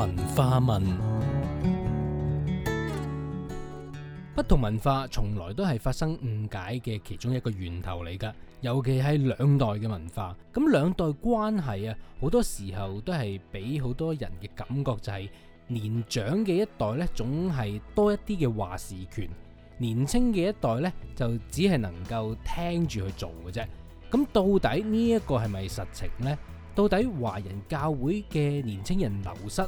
文化問，不同文化從來都係發生誤解嘅其中一個源頭嚟噶，尤其係兩代嘅文化，咁兩代關係啊，好多時候都係俾好多人嘅感覺就係、是、年長嘅一代呢，總係多一啲嘅話事權，年輕嘅一代呢就只係能夠聽住去做嘅啫。咁到底呢一個係咪實情呢？到底華人教會嘅年青人流失，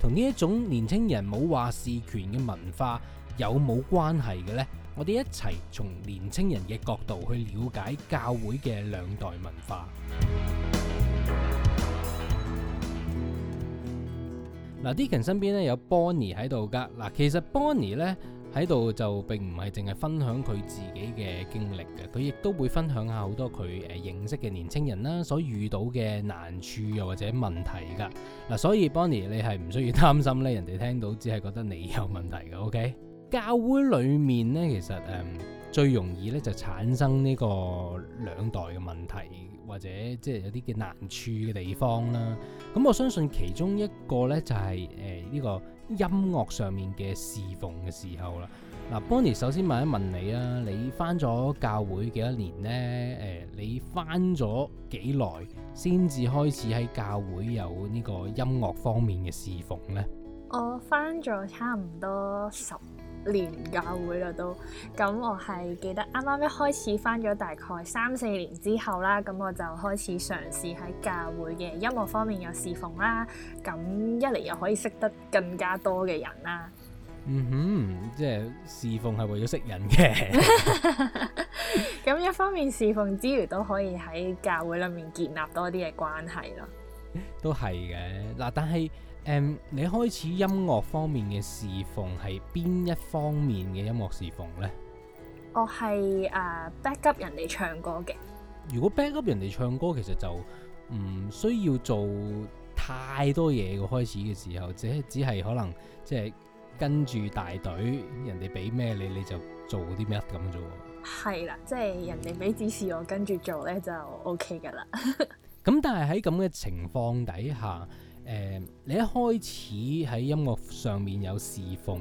同呢一種年青人冇話事權嘅文化有冇關係嘅呢？我哋一齊從年青人嘅角度去了解教會嘅兩代文化。嗱、 嗯、Deakin 身邊咧有 Bonnie 喺度㗎。嗱，其實 Bonnie 咧。喺度就並唔係淨係分享佢自己嘅經歷嘅，佢亦都會分享下好多佢誒認識嘅年青人啦，所遇到嘅難處又或者問題噶。嗱，所以 Bonnie 你係唔需要擔心咧，人哋聽到只係覺得你有問題嘅。OK，教會裏面咧其實誒、嗯、最容易咧就產生呢個兩代嘅問題。或者即係有啲嘅難處嘅地方啦，咁我相信其中一個呢，就係誒呢個音樂上面嘅侍奉嘅時候啦。嗱，Bonnie，首先問一問你啊，你翻咗教會幾多年呢？誒、呃，你翻咗幾耐先至開始喺教會有呢個音樂方面嘅侍奉呢？我翻咗差唔多十年教會啦都，咁我係記得啱啱一開始返咗大概三四年之後啦，咁我就開始嘗試喺教會嘅音樂方面有侍奉啦，咁一嚟又可以識得更加多嘅人啦。嗯哼，即係侍奉係為咗識人嘅？咁 一方面侍奉之餘都可以喺教會裏面建立多啲嘅關係咯。都係嘅，嗱，但係。誒，你開始音樂方面嘅侍奉係邊一方面嘅音樂侍奉呢？我係誒、uh, back up 人哋唱歌嘅。如果 back up 人哋唱歌，其實就唔需要做太多嘢嘅。開始嘅時候，只係只係可能即係、就是、跟住大隊，人哋俾咩你，你就做啲咩咁啫。係啦，即、就、係、是、人哋俾指示我，我跟住做呢，就 O K 噶啦。咁 但係喺咁嘅情況底下。誒、嗯，你一開始喺音樂上面有侍奉，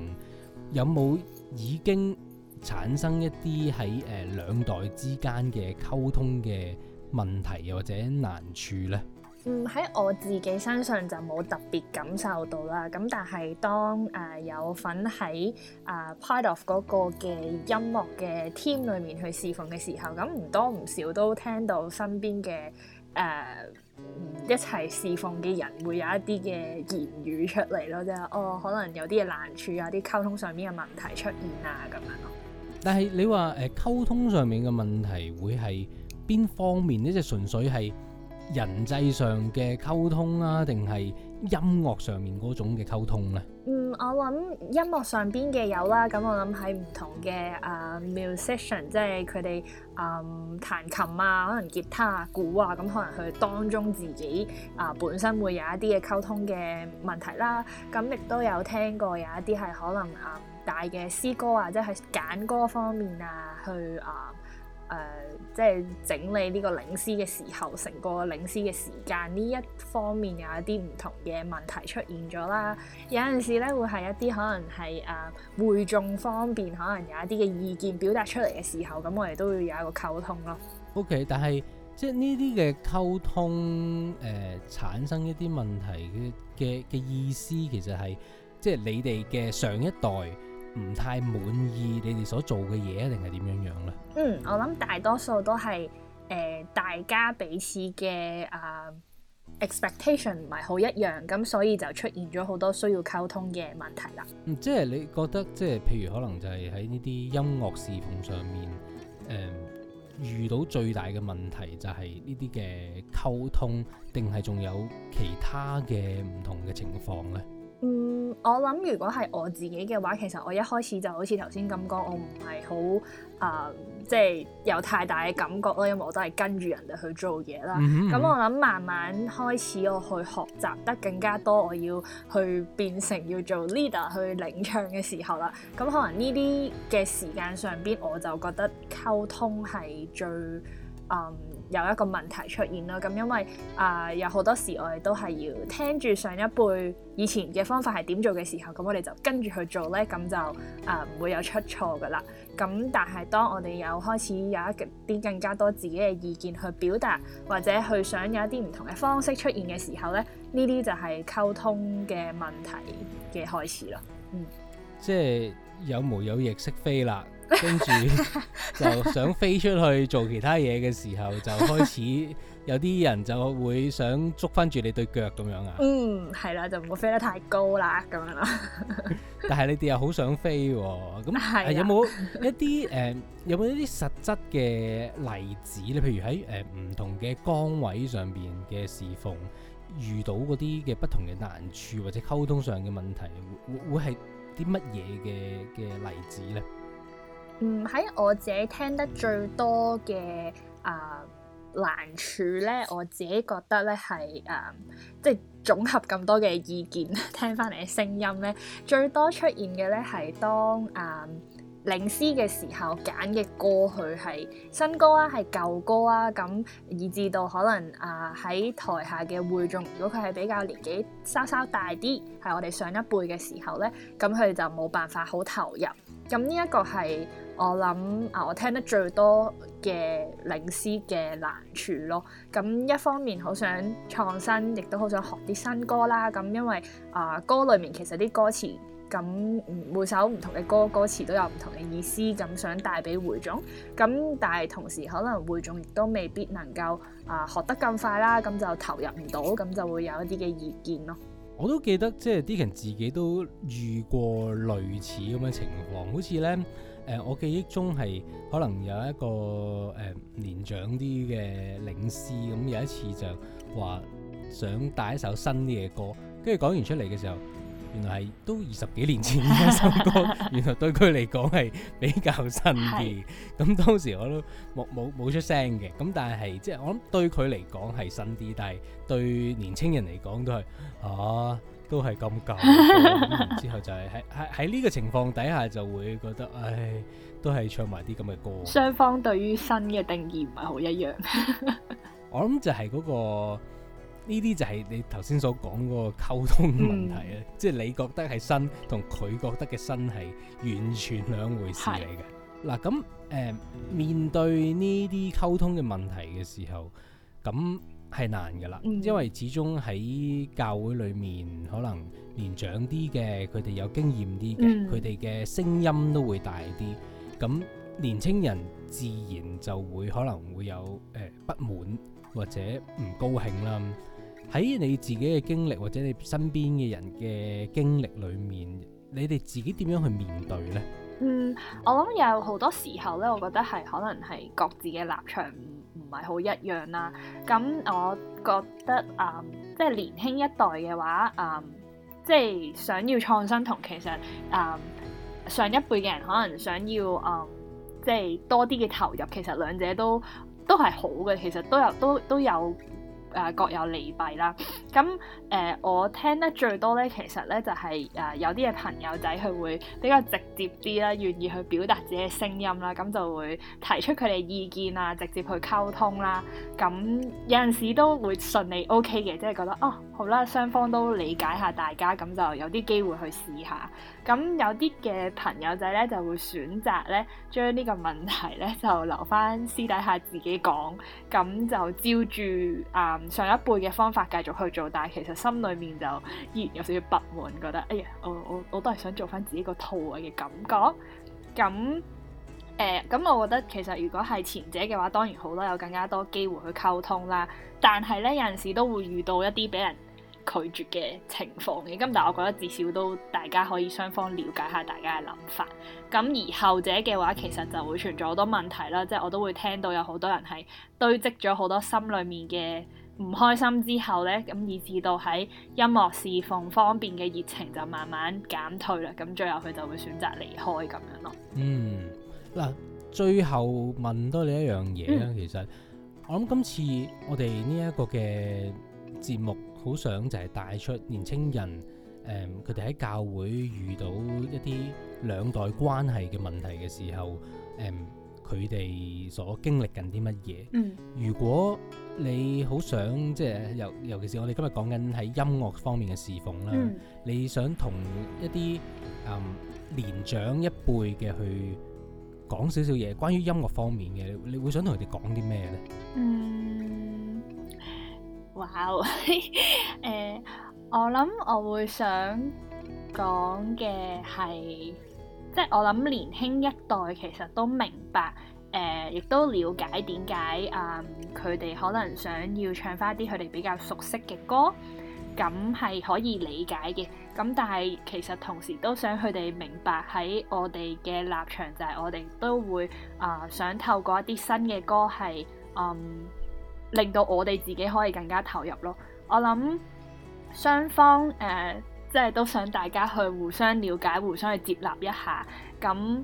有冇已經產生一啲喺誒兩代之間嘅溝通嘅問題或者難處呢？嗯，喺我自己身上就冇特別感受到啦。咁但係當誒、呃、有份喺誒、呃、part of 嗰個嘅音樂嘅 team 裏面去侍奉嘅時候，咁唔多唔少都聽到身邊嘅誒，呃一齊侍奉嘅人會有一啲嘅言語出嚟咯，即係，哦，可能有啲嘢難處啊，啲溝通上面嘅問題出現啊咁樣。但係你話誒，溝通上面嘅問題會係邊方面呢？即係純粹係人際上嘅溝通啊，定係音樂上面嗰種嘅溝通呢？嗯我諗音樂上邊嘅有啦，咁我諗喺唔同嘅誒、uh, musician，即係佢哋誒彈琴啊，可能吉他啊、鼓啊，咁可能佢當中自己啊、uh, 本身會有一啲嘅溝通嘅問題啦。咁亦都有聽過有一啲係可能誒、uh, 大嘅詩歌即係揀歌方面啊去誒。Uh, 誒、呃，即係整理呢個領詩嘅時候，成個領詩嘅時間呢一方面有一啲唔同嘅問題出現咗啦。有陣時咧會係一啲可能係誒、呃、會眾方面，可能有一啲嘅意見表達出嚟嘅時候，咁我哋都會有一個溝通咯。OK，但係即係呢啲嘅溝通誒、呃、產生一啲問題嘅嘅嘅意思，其實係即係你哋嘅上一代。唔太滿意你哋所做嘅嘢，定係點樣樣咧？嗯，我諗大多數都係誒、呃，大家彼此嘅啊 expectation 唔係好一樣，咁所以就出現咗好多需要溝通嘅問題啦、嗯。即係你覺得，即係譬如可能就係喺呢啲音樂侍奉上面，誒、呃、遇到最大嘅問題就係呢啲嘅溝通，定係仲有其他嘅唔同嘅情況咧？嗯，我諗如果係我自己嘅話，其實我一開始就好似頭先咁講，我唔係好啊，即係有太大嘅感覺咯，因為我都係跟住人哋去做嘢啦。咁、嗯嗯嗯嗯、我諗慢慢開始我去學習得更加多，我要去變成要做 leader 去領唱嘅時候啦。咁可能呢啲嘅時間上邊，我就覺得溝通係最嗯。嗯嗯嗯嗯嗯嗯嗯有一個問題出現咯，咁因為啊、呃、有好多時我哋都係要聽住上一輩以前嘅方法係點做嘅時候，咁我哋就跟住去做咧，咁就啊呃、唔會有出錯噶啦。咁但係當我哋有開始有一啲更加多自己嘅意見去表達，或者去想有一啲唔同嘅方式出現嘅時候咧，呢啲就係溝通嘅問題嘅開始咯。嗯，即係有毛有翼識飛啦。跟住就想飛出去做其他嘢嘅時候，就開始有啲人就會想捉翻住你對腳咁樣啊。嗯，係啦，就唔好飛得太高啦咁樣咯。 但係你哋又好想飛喎、啊，咁係的、啊、有冇一啲誒、呃、有冇一啲實質嘅例子咧？譬如喺誒唔同嘅崗位上邊嘅侍奉，遇到嗰啲嘅不同嘅難處或者溝通上嘅問題，會會會係啲乜嘢嘅嘅例子咧？嗯，喺我自己聽得最多嘅啊、呃、難處咧，我自己覺得咧係誒，即係綜合咁多嘅意見，聽翻嚟嘅聲音咧，最多出現嘅咧係當誒、呃、領詩嘅時候揀嘅歌佢係新歌啊，係舊歌啊，咁以至到可能啊喺、呃、台下嘅會眾，如果佢係比較年紀稍稍大啲，係我哋上一輩嘅時候咧，咁佢就冇辦法好投入。咁呢一個係。我諗啊、呃，我聽得最多嘅領詩嘅難處咯。咁一方面好想創新，亦都好想學啲新歌啦。咁因為啊、呃，歌裏面其實啲歌詞咁每首唔同嘅歌歌詞都有唔同嘅意思。咁想帶俾會眾，咁但係同時可能會眾亦都未必能夠啊、呃、學得咁快啦。咁就投入唔到，咁就會有一啲嘅意見咯。我都記得即係啲人自己都遇過類似咁嘅情況，好似咧。誒，我記憶中係可能有一個誒，年長啲嘅領詩，咁有一次就話想帶一首新啲嘅歌，跟住講完出嚟嘅時候，原來係都二十幾年前嘅一首歌，原來對佢嚟講係比較新啲。咁當時我都冇冇冇出聲嘅，咁但係即係我諗對佢嚟講係新啲，但係對年輕人嚟講都係啊。都係咁舊，然之後就係喺喺喺呢個情況底下，就會覺得，唉，都係唱埋啲咁嘅歌。雙方對於新嘅定義唔係好一樣。我諗就係嗰個呢啲就係你頭先所講嗰個溝通問題啦，即係你覺得係新，同佢覺得嘅新係完全兩回事嚟嘅。嗱咁，誒，面對呢啲溝通嘅問題嘅時候，咁。係難噶啦，因為始終喺教會裏面，可能年長啲嘅佢哋有經驗啲嘅，佢哋嘅聲音都會大啲。咁年青人自然就會可能會有誒、呃、不滿或者唔高興啦。喺你自己嘅經歷或者你身邊嘅人嘅經歷裏面，你哋自己點樣去面對呢？嗯，我諗有好多時候呢，我覺得係可能係各自嘅立場。唔係好一樣啦，啊，咁我覺得啊，嗯，即係年輕一代嘅話，嗯，即係想要創新同其實，嗯，上一輩嘅人可能想要，嗯，即係多啲嘅投入，其實兩者都都係好嘅，其實都有都都有。都有。誒各有利弊啦，咁誒、呃、我聽得最多咧，其實咧就係、是、誒、呃、有啲嘅朋友仔佢會比較直接啲啦，願意去表達自己嘅聲音啦，咁就會提出佢哋意見啊，直接去溝通啦，咁有陣時都會順利 OK 嘅，即、就、係、是、覺得哦好啦，雙方都理解下大家，咁就有啲機會去試下。咁有啲嘅朋友仔咧，就會選擇咧將呢個問題咧就留翻私底下自己講，咁就照住啊、呃、上一輩嘅方法繼續去做，但係其實心裡面就依然有少少不滿，覺得哎呀，我我我，我都係想做翻自己個套嘅感覺。咁誒，咁、呃、我覺得其實如果係前者嘅話，當然好多有更加多機會去溝通啦，但係咧有陣時都會遇到一啲俾人拒絕嘅情況嘅，咁但係我覺得至少都大家可以雙方了解下大家嘅諗法。咁而後者嘅話，其實就會存在好多問題啦，嗯、即係我都會聽到有好多人係堆積咗好多心裡面嘅唔開心之後呢，咁以至到喺音樂侍奉方面嘅熱情就慢慢減退啦。咁最後佢就會選擇離開咁樣咯。嗯，嗱，最後問多你一樣嘢啦，嗯、其實我諗今次我哋呢一個嘅。節目好想就係帶出年青人誒，佢哋喺教會遇到一啲兩代關係嘅問題嘅時候，誒佢哋所經歷緊啲乜嘢？嗯，如果你好想即係尤尤其是我哋今日講緊喺音樂方面嘅侍奉啦，嗯、你想同一啲誒、嗯、年長一輩嘅去講少少嘢，關於音樂方面嘅，你會想同佢哋講啲咩呢？嗯。哇 Wow. 呃！我諗我會想講嘅係，即、就、係、是、我諗年輕一代其實都明白，誒、呃，亦都了解點解啊，佢、嗯、哋可能想要唱翻啲佢哋比較熟悉嘅歌，咁係可以理解嘅。咁但係其實同時都想佢哋明白喺我哋嘅立場，就係我哋都會啊、呃，想透過一啲新嘅歌係嗯。令到我哋自己可以更加投入咯，我諗雙方誒、呃，即係都想大家去互相了解、互相去接納一下，咁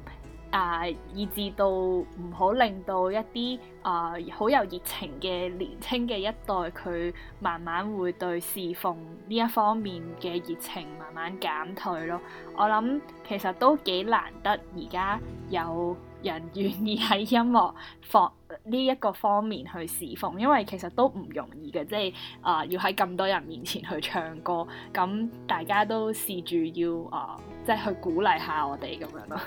啊、呃，以至到唔好令到一啲啊好有熱情嘅年輕嘅一代，佢慢慢會對侍奉呢一方面嘅熱情慢慢減退咯。我諗其實都幾難得，而家有人願意喺音樂放。呢一個方面去侍奉，因為其實都唔容易嘅，即係啊，要喺咁多人面前去唱歌，咁大家都試住要啊，即係去鼓勵下我哋咁樣咯。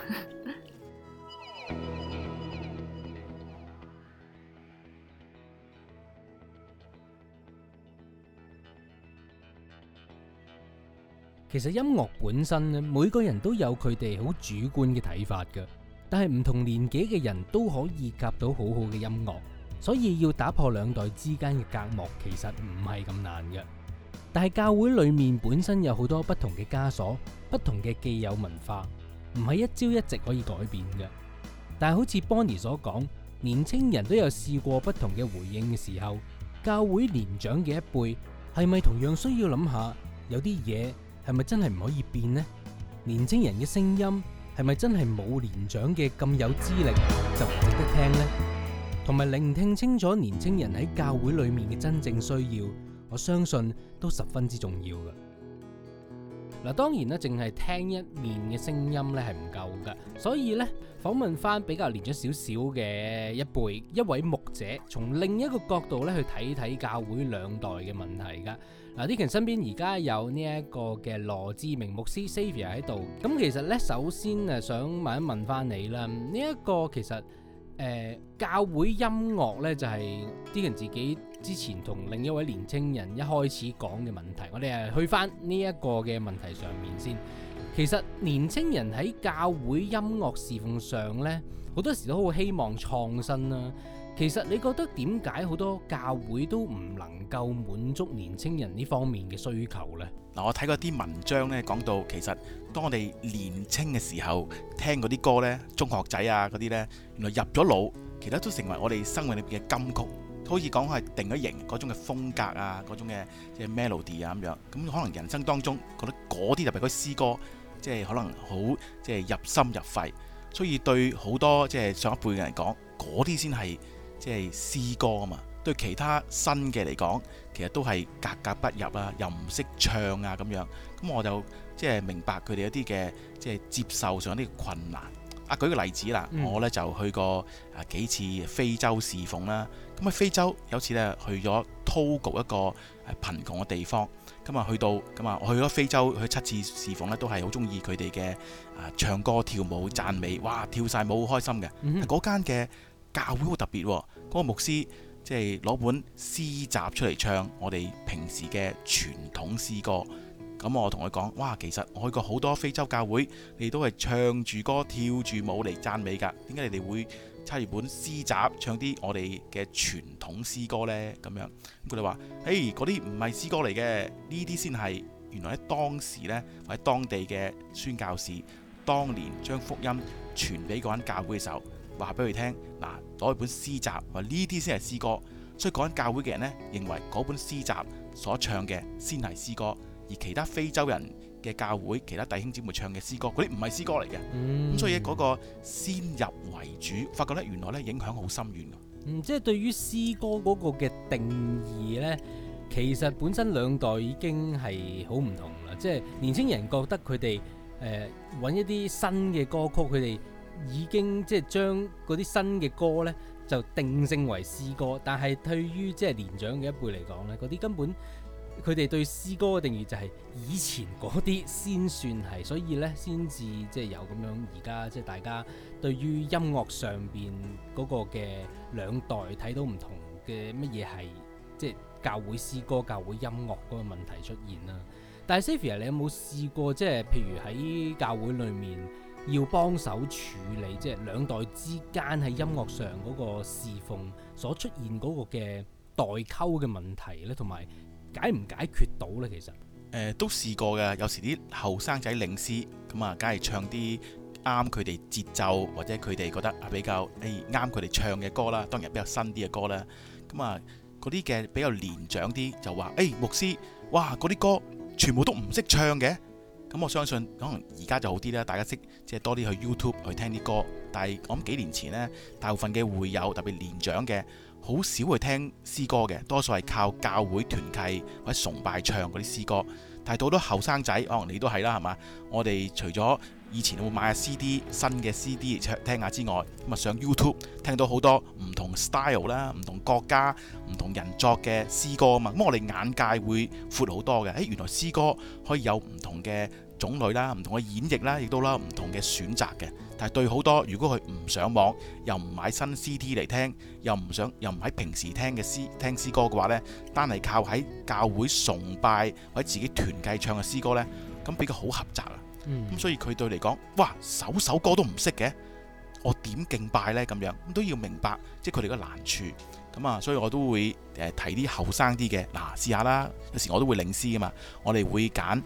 其實音樂本身咧，每個人都有佢哋好主觀嘅睇法㗎。但係唔同年紀嘅人都可以夾到好好嘅音樂，所以要打破兩代之間嘅隔膜，其實唔係咁難嘅。但係教會裏面本身有好多不同嘅枷鎖、不同嘅既有文化，唔係一朝一夕可以改變嘅。但係好似 Bonnie 所講，年輕人都有試過不同嘅回應嘅時候，教會年長嘅一輩係咪同樣需要諗下，有啲嘢係咪真係唔可以變呢？年輕人嘅聲音。係咪真係冇年長嘅咁有資歷就唔值得聽呢？同埋聆聽清楚年青人喺教會裏面嘅真正需要，我相信都十分之重要㗎。嗱，當然咧，淨係聽一面嘅聲音咧係唔夠㗎，所以咧訪問翻比較年長少少嘅一輩，一位牧者，從另一個角度咧去睇睇教會兩代嘅問題㗎。嗱、啊，啲 n 身邊而家有呢一個嘅羅志明牧師 s a v i o r 喺度，咁其實咧首先誒想問一問翻你啦，呢、這、一個其實誒、呃、教會音樂咧就係啲 n 自己。之前同另一位年青人一開始講嘅問題，我哋係去返呢一個嘅問題上面先。其實年青人喺教會音樂事奉上呢，好多時都好希望創新啦、啊。其實你覺得點解好多教會都唔能夠滿足年青人呢方面嘅需求呢？嗱，我睇過啲文章呢，講到其實當我哋年青嘅時候聽嗰啲歌呢，中學仔啊嗰啲呢，原來入咗腦，其實都成為我哋生命裏邊嘅金曲。好似講係定咗型嗰種嘅風格啊，嗰種嘅即係 melody 啊咁樣，咁可能人生當中覺得嗰啲特別嗰啲詩歌，即係可能好即係入心入肺，所以對好多即係上一輩嘅人嚟講，嗰啲先係即係詩歌啊嘛。對其他新嘅嚟講，其實都係格格不入啊，又唔識唱啊咁樣。咁我就即係明白佢哋一啲嘅即係接受上啲困難。啊，舉個例子啦，我呢就去過啊幾次非洲侍奉啦。咁啊，非洲有次呢去咗 Togo 一個貧窮嘅地方，咁啊去到，咁啊我去咗非洲去七次侍奉呢都係好中意佢哋嘅啊唱歌跳舞讚美，哇跳晒舞好開心嘅。嗰、uh huh. 間嘅教會好特別、啊，嗰、嗰個牧師即係攞本詩集出嚟唱我哋平時嘅傳統詩歌。咁我同佢講，哇，其實我去過好多非洲教會，你都係唱住歌、跳住舞嚟讚美㗎。點解你哋會揸住本詩集唱啲我哋嘅傳統詩歌呢？咁樣佢哋話，誒，嗰啲唔係詩歌嚟嘅，呢啲先係。原來喺當時呢喺當地嘅宣教士當年將福音傳俾嗰間教會嘅時候，話俾佢聽，嗱攞一本詩集話呢啲先係詩歌，所以嗰間教會嘅人呢，認為嗰本詩集所唱嘅先係詩歌。而其他非洲人嘅教會，其他弟兄姊妹唱嘅詩歌，嗰啲唔係詩歌嚟嘅。咁、嗯、所以喺嗰個先入為主，發覺咧原來咧影響好深遠。嗯，即係對於詩歌嗰個嘅定義咧，其實本身兩代已經係好唔同啦。即係年輕人覺得佢哋誒揾一啲新嘅歌曲，佢哋已經即係將嗰啲新嘅歌咧就定性為詩歌，但係對於即係年長嘅一輩嚟講咧，嗰啲根本。佢哋對詩歌嘅定義就係以前嗰啲先算係，所以呢先至即係有咁樣。而家即係大家對於音樂上邊嗰個嘅兩代睇到唔同嘅乜嘢係，即係教會詩歌、教會音樂嗰個問題出現啦。但係 Xavier，你有冇試過即係譬如喺教會裏面要幫手處理，即係兩代之間喺音樂上嗰個侍奉所出現嗰個嘅代溝嘅問題呢？同埋？解唔解決到呢？其實誒、呃、都試過嘅，有時啲後生仔領詩咁啊，梗係唱啲啱佢哋節奏或者佢哋覺得係比較誒啱佢哋唱嘅歌啦，當然,比較,、欸、當然比較新啲嘅歌啦。咁啊，嗰啲嘅比較年長啲就話誒、欸、牧師，哇嗰啲歌全部都唔識唱嘅。咁我相信可能而家就好啲啦，大家識即係多啲去 YouTube 去聽啲歌。但係我諗幾年前呢，大部分嘅會友特別年長嘅。好少會聽詩歌嘅，多數係靠教會團契或者崇拜唱嗰啲詩歌。但係到咗後生仔，哦，你都係啦，係嘛？我哋除咗以前會買下 CD 新嘅 CD 嚟聽下之外，咁啊上 YouTube 聽到好多唔同 style 啦、唔同國家、唔同人作嘅詩歌啊嘛，咁我哋眼界會闊好多嘅。誒、欸，原來詩歌可以有唔同嘅種類啦、唔同嘅演繹啦，亦都啦唔同嘅選擇嘅。但係對好多，如果佢唔上網，又唔買新 CD 嚟聽，又唔想又唔喺平時聽嘅詩聽詩歌嘅話咧，單係靠喺教會崇拜或者自己團契唱嘅詩歌呢，咁比較好狹窄。咁、嗯、所以佢對嚟講，哇，首首歌都唔識嘅，我點敬拜呢？」咁樣都要明白，即係佢哋嘅難處。咁啊，所以我都會誒、呃、提啲後生啲嘅，嗱、啊，試下啦。有時我都會領詩噶嘛，我哋會揀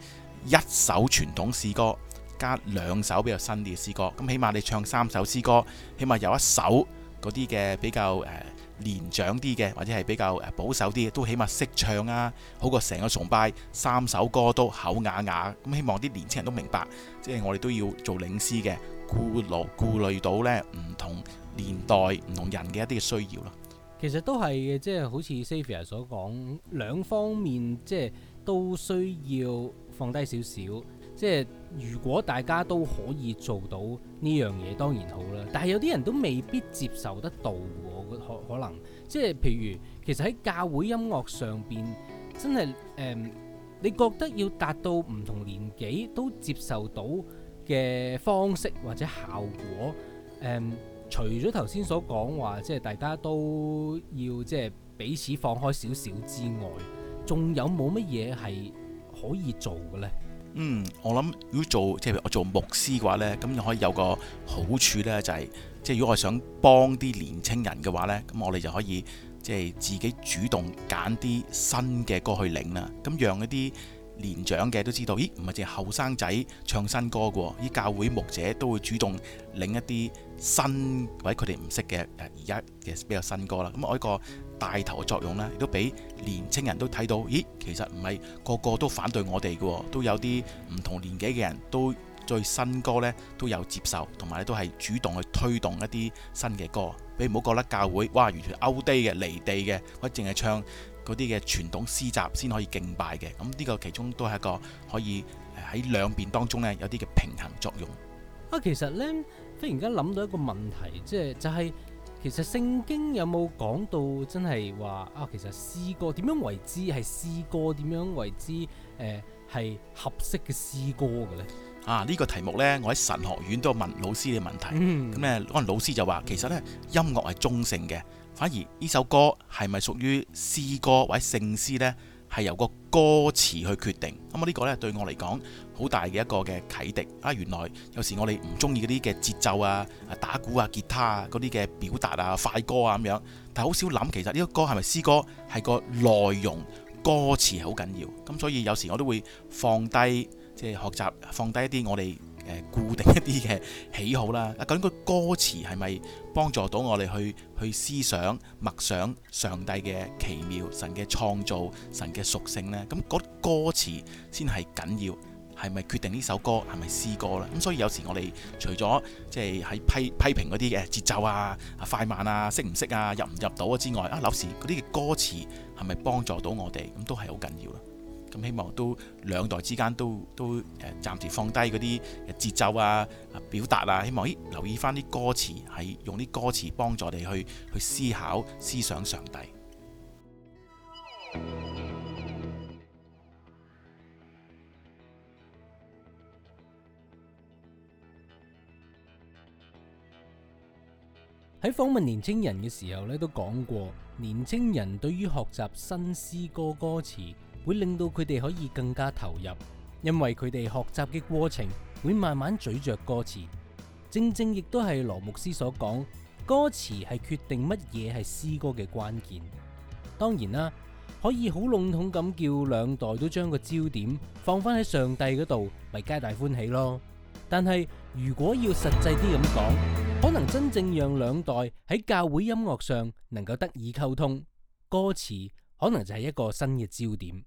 一首傳統詩歌加兩首比較新啲嘅詩歌，咁、嗯、起碼你唱三首詩歌，起碼有一首嗰啲嘅比較誒。呃年長啲嘅或者係比較誒保守啲嘅，都起碼識唱啊，好過成個崇拜三首歌都口啞啞。咁、嗯、希望啲年青人都明白，即係我哋都要做領詩嘅顧慮，顧慮到呢，唔同年代唔同人嘅一啲嘅需要咯。其實都係嘅，即係好似 Xavier 所講，兩方面即係、就是、都需要放低少少。即係如果大家都可以做到呢樣嘢，當然好啦。但係有啲人都未必接受得到，我可可能即係譬如，其實喺教會音樂上邊，真係誒、呃，你覺得要達到唔同年紀都接受到嘅方式或者效果，誒、呃，除咗頭先所講話，即係大家都要即係彼此放開少少之外，仲有冇乜嘢係可以做嘅呢？嗯，我諗如果做即係我做牧師嘅話呢，咁你可以有個好處呢，就係即係如果我想幫啲年青人嘅話呢，咁我哋就可以即係自己主動揀啲新嘅歌去領啦，咁讓一啲，年長嘅都知道，咦，唔係淨係後生仔唱新歌嘅喎。哦，啲教會牧者都會主動領一啲新或者佢哋唔識嘅而家嘅比較新歌啦。咁我呢個帶頭嘅作用呢，亦都俾年青人都睇到，咦，其實唔係個個都反對我哋嘅。哦，都有啲唔同年紀嘅人都對新歌呢都有接受，同埋都係主動去推動一啲新嘅歌。你唔好覺得教會哇完全 out 嘅、離地嘅，或者淨係唱嗰啲嘅傳統詩集先可以敬拜嘅，咁呢個其中都係一個可以喺兩邊當中呢，有啲嘅平衡作用。啊，其實呢，忽然間諗到一個問題，即係就係、是就是、其實聖經有冇講到真係話啊？其實詩歌點樣為之係詩歌？點樣為之誒係、呃、合適嘅詩歌嘅呢？啊，呢、呢個題目呢，我喺神學院都有問老師嘅問題，咁咧、嗯嗯、可能老師就話其實呢音樂係中性嘅。反而呢首歌係咪屬於詩歌或者聖詩呢？係由個歌詞去決定。咁啊呢個呢，對我嚟講好大嘅一個嘅啟迪。啊，原來有時我哋唔中意嗰啲嘅節奏啊、打鼓啊、吉他啊嗰啲嘅表達啊、快歌啊咁樣，但好少諗其實呢個歌係咪詩歌，係個內容歌詞係好緊要。咁、嗯、所以有時我都會放低即係學習，放低一啲我哋。誒固定一啲嘅喜好啦，究竟個歌詞係咪幫助到我哋去去思想默想上帝嘅奇妙、神嘅創造、神嘅屬性呢？咁嗰歌詞先係緊要，係咪決定呢首歌係咪詩歌咧？咁所以有時我哋除咗即係喺批批評嗰啲嘅節奏啊、快慢啊、識唔識啊、入唔入到啊之外，啊有時嗰啲嘅歌詞係咪幫助到我哋，咁都係好緊要啦。咁希望都兩代之間都都誒暫時放低嗰啲節奏啊、表達啊。希望留意翻啲歌詞，係用啲歌詞幫助你去去思考思想上帝。喺訪問年輕人嘅時候呢，都講過年輕人對於學習新詩歌歌詞，會令到佢哋可以更加投入，因為佢哋學習嘅過程會慢慢咀嚼歌詞，正正亦都係羅牧師所講，歌詞係決定乜嘢係詩歌嘅關鍵。當然啦，可以好籠統咁叫兩代都將個焦點放翻喺上帝嗰度，咪皆大歡喜咯。但係如果要實際啲咁講，可能真正讓兩代喺教會音樂上能夠得以溝通，歌詞可能就係一個新嘅焦點。